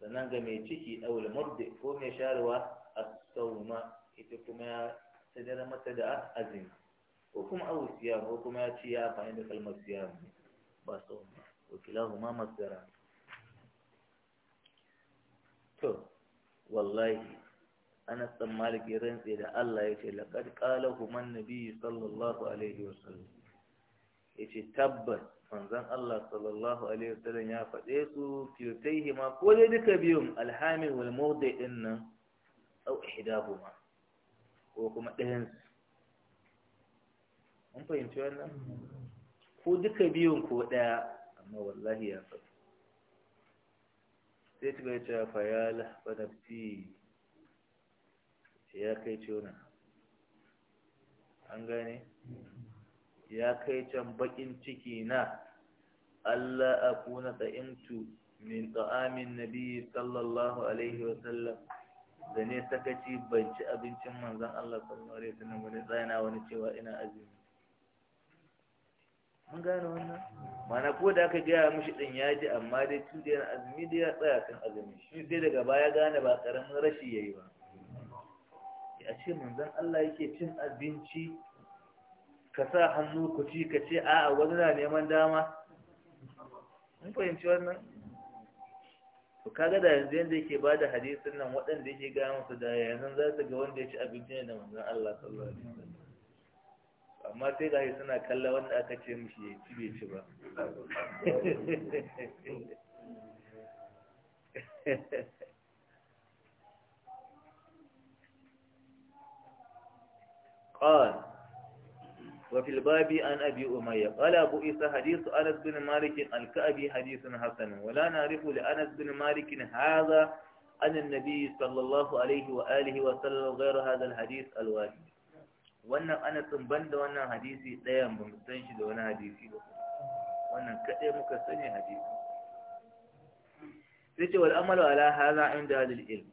sannan ga mai ciki aul murdi ko mai sharewa a sauma ita kuma ya siryar mata da azumi ko kuma aul siyam ko kuma ya ci ya amfani da kalmar siyam ba sauma wakilahuma masdara to wallahi ana dan Malik ya rantse da Allah ya ce laqad qala human nabi sallallahu alaihi wasallam ce tabbas manzon Allah sallallahu alaihi wasallam ya faɗe su kiyutaihi ma ko dai duka biyun alhamil wal mawdi din nan aw ihdahuma ko kuma ɗayan su mun fahimci wannan ko duka biyun ko ɗaya amma wallahi ya faɗi sai ya kai can bakin ciki na Allah a kuna ta'imtu min ta'amin nabi sallallahu alaihi wasallam da ne sakaci ban ci abincin manzan Allah sallallahu alaihi wasallam wani tsayana wani cewa ina azumi mun gane wannan mana ko da aka gaya mishi din ya ji amma dai tun da yana azumi dai ya tsaya kan azumi shi dai daga baya gane ba karamin rashi yayi ba a ce zan Allah yake cin abinci ka sa hannu ku ci ka ce a'a wani na neman dama mun fahimci wannan to kaga da yanzu yanda yake bada hadisin nan waɗanda yake gaya musu da yanzu za su ga wanda ya ci abinci ne da manzon Allah sallallahu alaihi wasallam amma sai ga suna kalla wanda aka ce mishi ya ci bai ci ba قال وفي الباب عن أبي أمية قال أبو إيسى حديث أنس بن مالك الكأبي حديث حسن ولا نعرف لأنس بن مالك هذا عن النبي صلى الله عليه وآله وسلم غير هذا الحديث الواحد wannan anasin ban da wannan hadisi ɗayan ba mu san shi da wani hadisi ba wannan kaɗai muka sani hadisi sai ce wal'amalu ala haza inda halil ilm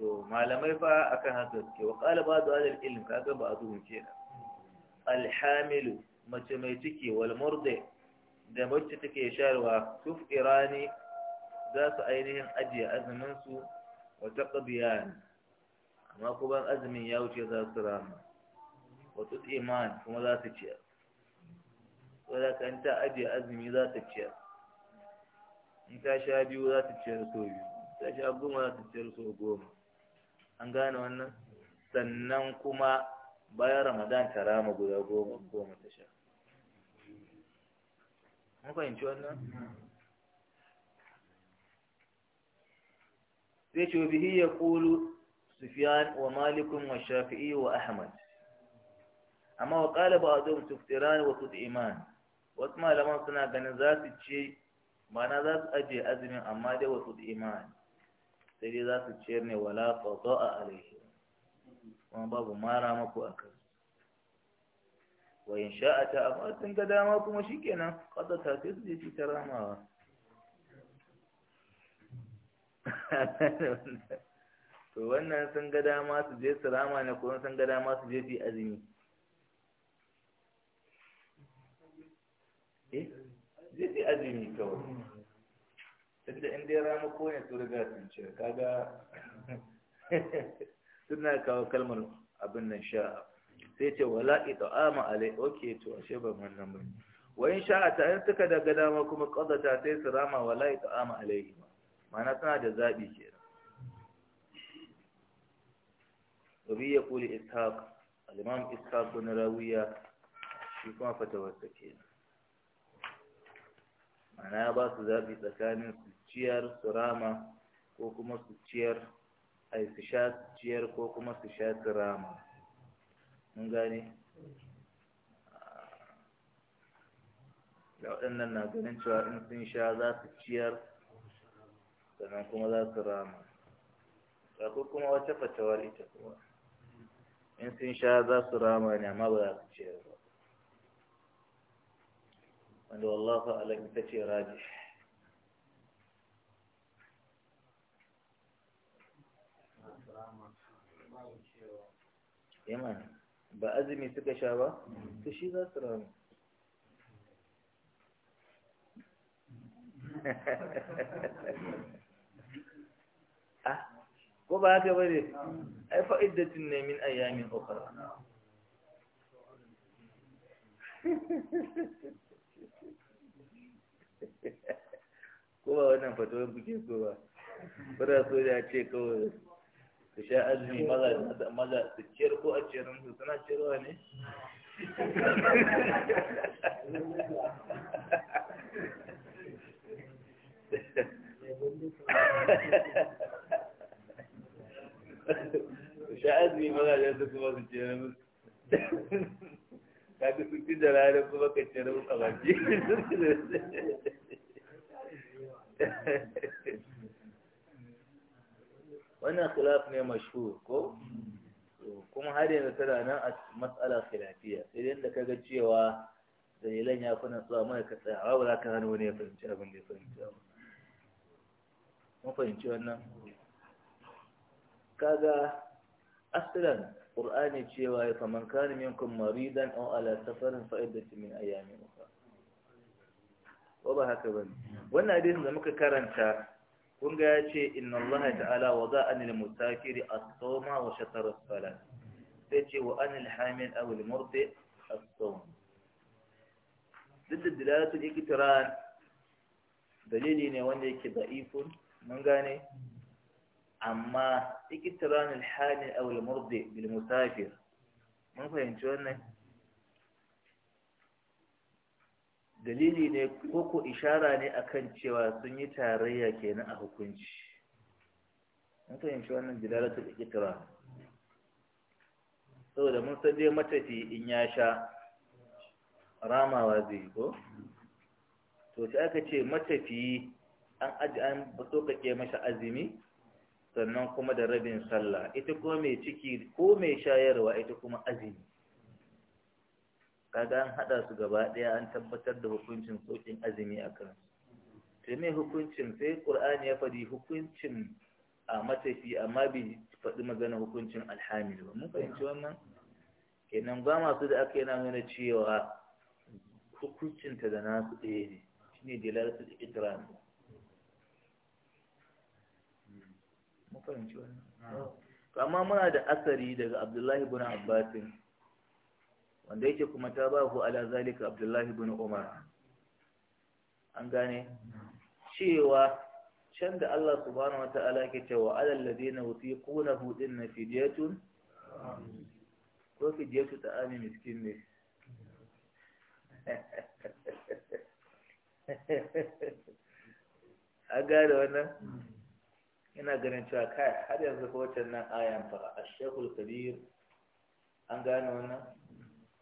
to malamai fa akan haka suke wa ƙala ba da halil ilm kaga ba a zuhun ke nan alhamilu mace mai ciki wal murde da mace take shayarwa tuf irani za su ainihin ajiye azumin su wa taqdiyan amma kuma azumin ya wuce za su rama wato iman kuma za su ciyar wadda ka ta ajiye azumi za ta ciyar in ta sha biyu za ta ciyar so biyu ta sha goma za ta ciyar so goma an gane wannan sannan kuma bayan ramadan ta rama guda goma goma ta sha mun fahimci wannan zai ce bihi ya kulu sufiyan wa malikun wa shafi'i wa ahmad amma wa zo mu tuftirani wa tut'iman wasu malaman suna ganin za su ce ma'ana za su ajiye azumin amma dai wasu iman sai dai za su ce ne wala fado a alaihi kuma babu mara maku a kan wa in sha'a ta amma sun ga dama kuma shikenan kada ta sai su je cutar ramawa to wannan sun ga dama su je su rama ne ko sun ga dama su je su azumi azumi kawai tunda in dai rama ko ne su riga sun ce kaga suna kawo kalmar abin nan sha'a sai ce wala ita'ama alai oke to ashe ban wannan ba in sha'a ta in suka daga dama kuma qadata sai su rama wala ita'ama alaihi ma'ana suna da zabi ke. Rabi ya kuli ishaq alimam ishaq wani rawiya shi kuma ke kenan ma'ana ba su zaɓi tsakanin su ciyar su rama ko kuma su ciyar ai su sha su ciyar ko kuma su sha su rama mun gane da waɗannan na ganin cewa in sun sha za su ciyar sannan kuma za su rama da kuma wata fatawar ita kuma in sun sha za su rama ne amma ba za su ciyar ba wanda wallafa alam ita ce raji yaman ba azumi suka sha ba to shi za su rami ah ko ba haka ba ne ai fa'iddatin ne min ayyamin ukhra ko ba wannan fatawar buke so ba kuna so da ce kawai su sha azumi maza su ciyar ko a ciyar su suna ciyarwa ne su sha azumi maza su kuma su ciyar musu ka ga su ci da rana kuma ka ci da a baki wannan khilaf ne mashhur ko kuma har yanzu tana nan a matsala khilafiya sai yadda ka ga cewa dalilan ya fi natsuwa mai ka tsaya ba za ka hannu wani ya fahimci abin da ya fahimci ba. mun fahimci wannan kaga asilan Qur'ani cewa ya faman kana minkum maridan aw ala safarin fa iddatu min ayamin ukhra wa ba haka bane wannan hadisin da muka karanta kun ga yace inna Allah ta'ala wada'a lil musafiri as-sawma wa shatara as-salat sai ce wa anil hamil aw al murdi as-sawm duk da dilalatul iktiran dalili ne wanda yake da'ifun mun gane amma ikitirani alhali aw almurdi bil musafir mun fahimci wannan dalili ne koko ishara ne akan cewa sun yi tarayya kenan a hukunci mun fahimci wannan dilalatul ikitira saboda mun san dai matafi in ya sha ramawa zai ko to sai aka ce matafi an aji an tsokake masa azumi sannan kuma da rabin sallah ita ko mai ciki ko mai shayarwa ita kuma azumi kaga an hada su gaba daya an tabbatar da hukuncin sokin azumi a kansu sai mai hukuncin sai qur'ani ya faɗi hukuncin a matafi amma bi faɗi magana hukuncin alhamil ba mun fahimci wannan kenan ba masu da aka yana nuna cewa hukuncinta da nasu ɗaya ne shine dalalatul ikram mun wannan ah. amma muna da asari daga abdullahi bin abbasin wanda yake kuma ta ba ku ala zalika abdullahi bin umar an gane cewa can da Allah subhanahu wata'ala ke cewa alal ladina yutiqunahu na fidyatun ko ta ta'ami miskin ne a gane wannan hmm. ina ganin cewa kai har yanzu ko wacce nan ayan fa ashekul kabir an gane wannan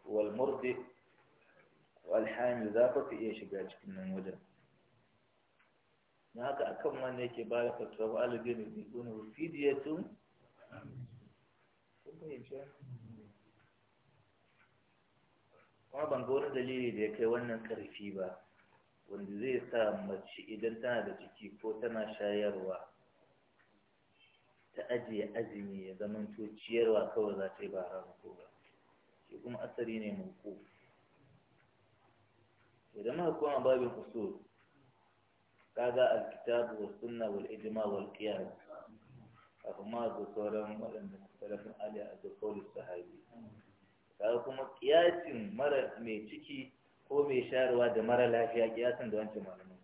wal murdi wal hamil za fi iya shiga cikin nan wajen na haka akan wannan yake ba da fatuwa ba alibin da ya fidiyatun kuma ban ga wani dalili da ya kai wannan karfi ba wanda zai sa mace idan tana da ciki ko tana shayarwa ta ajiye azumi ya to ciyarwa kawai za ta yi ba ko ba shi kuma asali ne ko idan muka koma babin usul kaga alkitabu wa sunna wal ijma wal qiyas abu ma da sauran waɗanda talafin ali a da kawai sahabi kaga kuma qiyasin mara mai ciki ko mai sharuwa da mara lafiya qiyasin da wancan malamin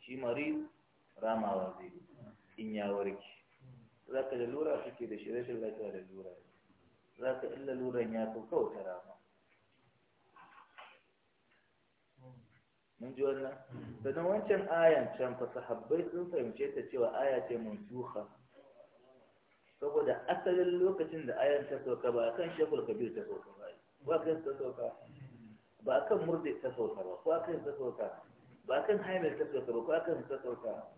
shi mari ramawa zai in ya warke za ka lura suke da shi rashin lafiya lura, za ka illa lura ya fi kawai ta rama mun ji wannan sannan wancan ayan can fa sahabbai sun fahimce ta cewa aya ce mun mansuha saboda asalin lokacin da ayan ta sauka ba a kan shekul kabir ta sauka ba ba kan ta sauka ba a kan murdi ta sauka ba ko kan ta sauka ba a kan haimil ta sauka ba ko kan ta sauka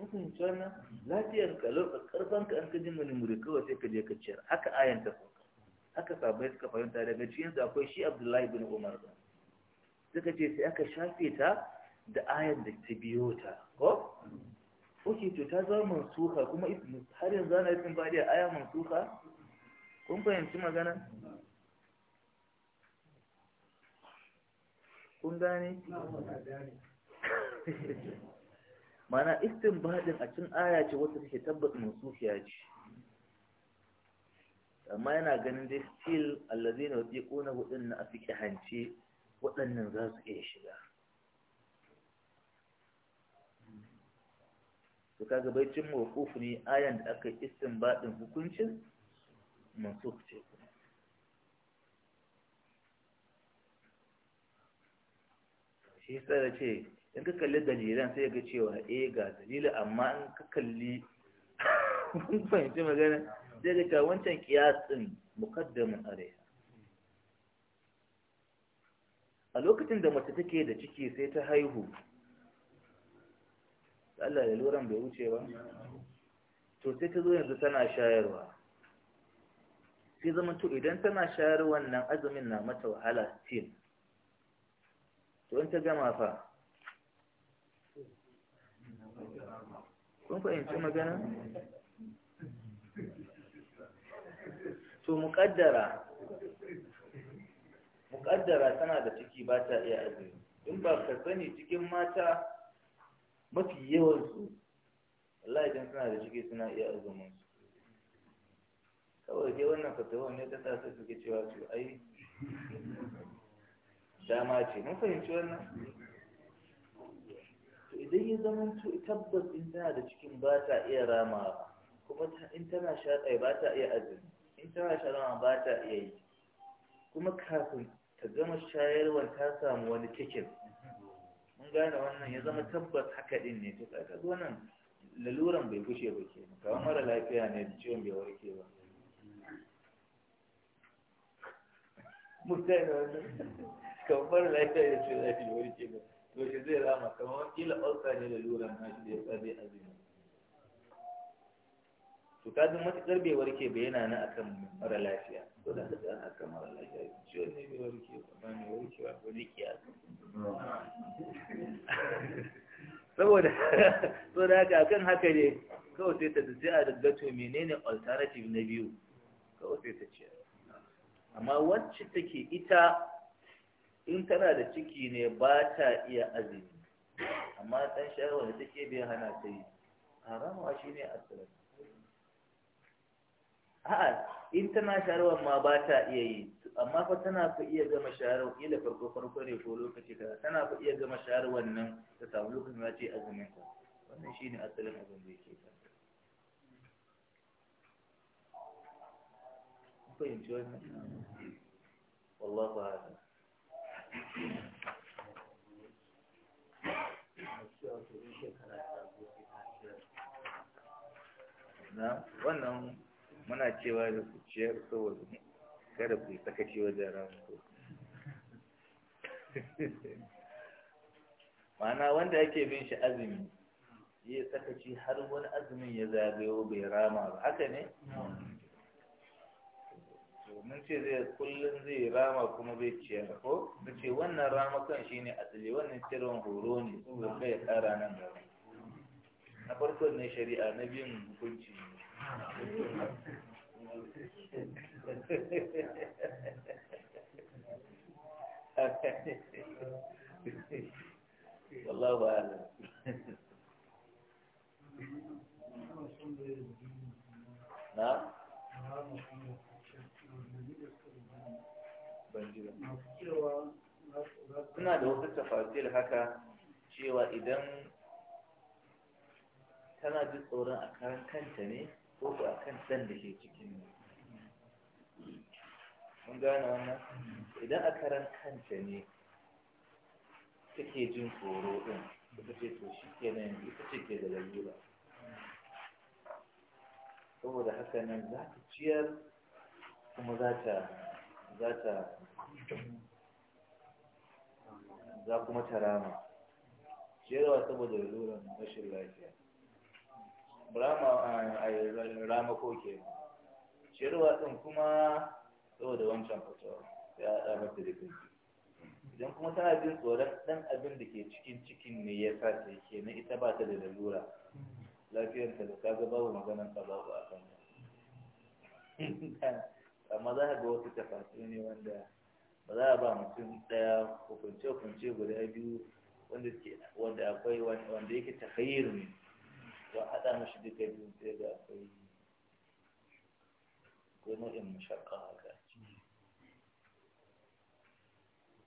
an fahimci wannan lafiyar ka karfan ka an ka jin wani muri kawai sai ka je ka ciyar haka ayan ta sauka haka sabai suka fahimta daga cikin da akwai shi abdullahi bin umar ba suka ce sai aka shafe ta da ayan da ta biyo ta ko oke to ta zama mansuka kuma har yanzu ana yin ba da aya mansuka kun fahimci magana kun gane mana istin istinbadin a cin aya ce wata take tabbata mansufiya ce amma yana ganin dai still allazina kona hudun na afiki hanci waɗannan za su iya shiga to kaga baicin mawquf ne ayan da aka istinbadin hukuncin mansukh ce shi sai da ce in ka kalli dalilan sai ga cewa eh ga dalili amma in ka kalli fahimci magana sai ga cewa wancan kiyasin mukaddamin alaiha a lokacin da mace take da ciki sai ta haihu Allah da luran bai wuce ba to sai ta zo yanzu tana shayarwa sai zama to idan tana shayarwa nan azumin na mata wahala still to in ta gama fa kun fahimci magana to muƙaddara muƙaddara tana da ciki ba ta iya azumi in ba ka sani cikin mata mafi yawansu Allah idan suna da ciki suna iya azumin su kawai dai wannan fatawa ne ta sa suke cewa su ai dama ce mun fahimci wannan idan ya zama tabbas in tana da cikin ba ta iya rama kuma in tana shaƙai ba ta iya azumi in tana shaƙa ba ta iya yi kuma kafin ta gama shayarwar ta samu wani cikin mun gane wannan ya zama tabbas haka din ne to kaga wannan laluran bai fushe ba ke kamar mara lafiya ne da ciwon bai warke ba mutane wannan kamar mara lafiya da ciwon bai warke ba to shi zai rama kamar wakila ulsa ne da lura na shi da tsabe zai azumi to ka ga matuƙar bai warke ba yana nan akan mara lafiya to da ka tsaya akan mara lafiya ciwon ne bai warke ba ne mai warkewa ko ne kiyasa saboda so da haka akan haka ne kawai sai ta sai a daggato menene alternative na biyu kawai sai ta ce amma wacce take ita in tana da ciki ne ba ta iya azumi amma ɗan shayarwa da take bai hana ta yi haramuwa shi ne a a'a in tana shayarwa ma ba ta iya yi amma fa tana fa iya gama shayarwa kila farko farko ne ko lokaci kaza tana fa iya gama shayarwa nan ta samu lokacin za ta yi azumin ta wannan shine asalin abin da yake ta fahimci wannan wallahu a'lam na wannan muna cewa da su ciyar saboda kada ku yi sakaci wajen ranku ma'ana wanda ake bin shi azumi ya sakaci har wani azumin ya zagayo bai rama ba haka ne mun ce zai kullum zai rama kuma zai ciyar ko da ce wannan kan shi ne a asali wannan ciyarwan horo ne saboda kai ya tsara nan gaba na farko ne shari'a na biyun hukunci والله na? na? suna da wasu tafasir haka cewa idan tana ji tsoron a karan kanta ne ko ko a kan san da ke cikin ne mun gane wannan idan a karan kanta ne take jin tsoro din ita ce to shi ke nan ita ce ke da lalura saboda haka nan za ta ciyar kuma za ta za ta za kuma ta rama jerawa saboda laluran rashin lafiya rama a rama ko ke jerawa ɗin kuma saboda wancan fatawa ya haɗa mata da idan kuma tana jin tsoron ɗan abin da ke cikin cikin ne ya sa ta ke na ita ba ta da lalura lafiyarta da ta gaba wa maganan ta babu a kan amma za ka ga wasu tafasu ne wanda ba za a ba mutum ɗaya hukunce-hukunce guda biyu wanda ke wanda akwai wanda yake takhayyir ne wa haɗa mashi duka biyu sai ga akwai ko nau'in mashakka haka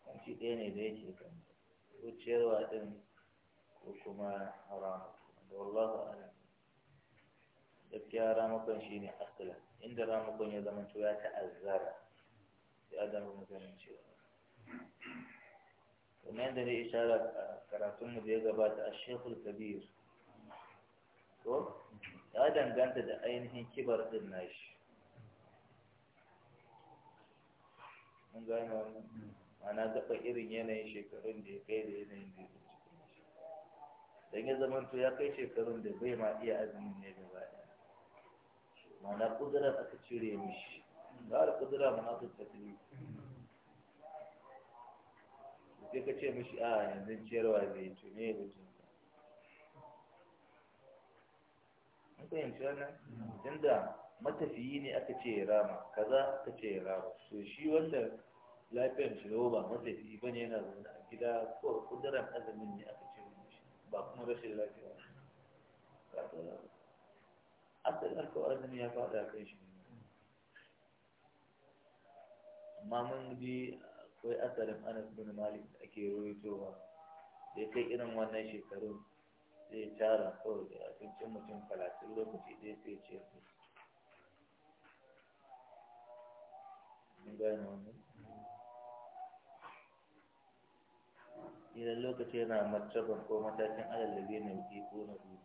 kan shi ɗaya ne da yake kan wuciyarwa ɗin ko kuma haramu da wallahu alam gaskiya ramakan shi ne asalin inda mu ya zama ya ta'azzara ya zama maganin cewa kamar yadda ne ishara a karatunmu da ya gabata a shekul kabir to ya danganta da ainihin kibar din nashi mun gane wannan ana dafa irin yanayin shekarun da ya kai da yanayin da ya don ya zama ya kai shekarun da bai ma iya azumin ne gaba ɗaya mana kudura aka cire mishi ba da kudura mana su tafi sai ka ce mishi a yanzu ciyarwa zai ce ne ka an fahimci wannan tunda matafiyi ne aka ce rama kaza aka ce rama to shi wanda lafiyar shi ba matafiyi bane yana zaune a gida ko kuduran azumin ne aka ce ba kuma rashin lafiya ba asalin ko azumi ya faɗa kan shi amma mun bi akwai asalin anas bin malik da ake rawaitowa da ya kai irin wannan shekarun sai ya tara kawai da abincin mutum talatin lokaci ɗaya sai ya ce su gane wannan idan lokaci yana martaban ko matakin alalabe na wuce ko na biyu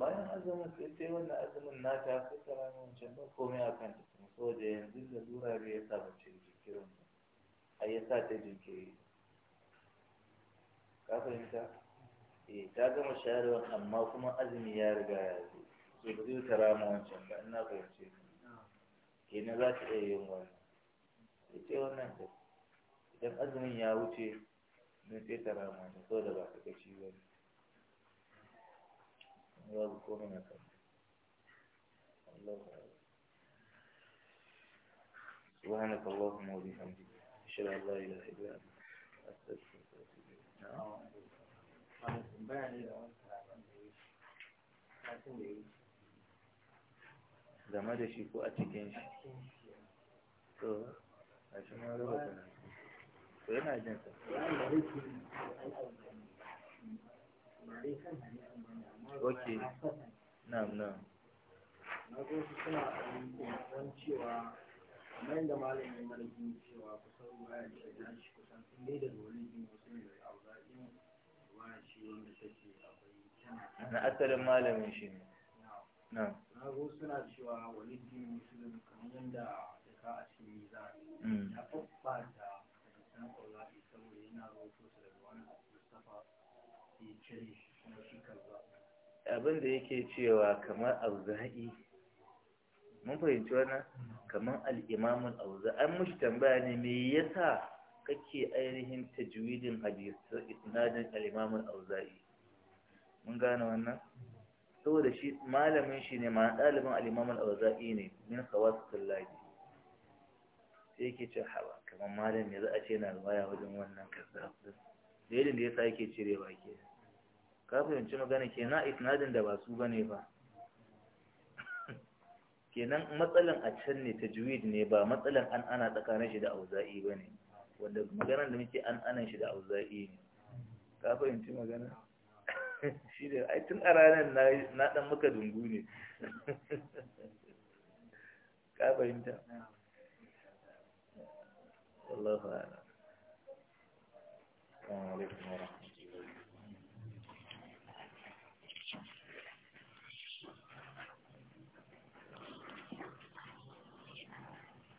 bayan azumin sai sai wannan azumin na ta fi karamin wancan ba komai a kan ta kuma saboda yanzu da lura bai ya sa mace jinkirin ba a ya sa ta jinkiri ka fahimta eh ta gama shayarwa amma kuma azumi ya riga ya zo so ba zai ta mu wancan ba ina fahimce ka kenan za ta iya yin wannan sai sai wannan ta idan azumin ya wuce mun sai ta mu wancan saboda ba ta kaci wani babu komai a kai سبحانك اللهم وبحمدك أشهد أن لا إله إلا أنت أستغفرك وأتوب إليك game da shi ko a cikin shi to a shi ma raba kana to yana jin sa ok na'am na'am na zo su suna ɗan cewa kamar yadda malam ya marigin cewa kusan ruwa ya ce da shi kusan sun dai da wani wasu ne a auzaɗin ruwa ya ce wanda ta ce akwai kyana na asalin malamin shi ne na zo suna cewa wani jin musulun kamar yadda ya ka a cikin miza mm. ya faɓa da hadisan auzaɗi saboda yana roƙo su daga wani Mustapha ya cire shi kuma shi kaza abin da yake cewa kamar auza'i mun fahimci wannan kamar al'imamun auza an mushi tambaya ne me yasa kake ainihin tajwidin hadisar isnadin al'imamun auza'i mun gane wannan saboda shi malamin shi ne ma ɗaliban al'imamun auza'i ne min hawasu kullaji sai yake ce hawa kamar malam ya za a ce na ruwaya wajen wannan kasa dalilin da yasa yake cirewa kenan ka fahimci magana ke na isnadin da ba su bane ba kenan matsalan a can ne ta juwid ne ba matsalan an ana tsakanin shi da auza'i ba ne wanda maganar da muke an anan shi da auza'i ne ka fahimci magana shi da ai tun a ranar na dan maka dungu ne ka fahimta wallahu a'lam السلام عليكم ورحمة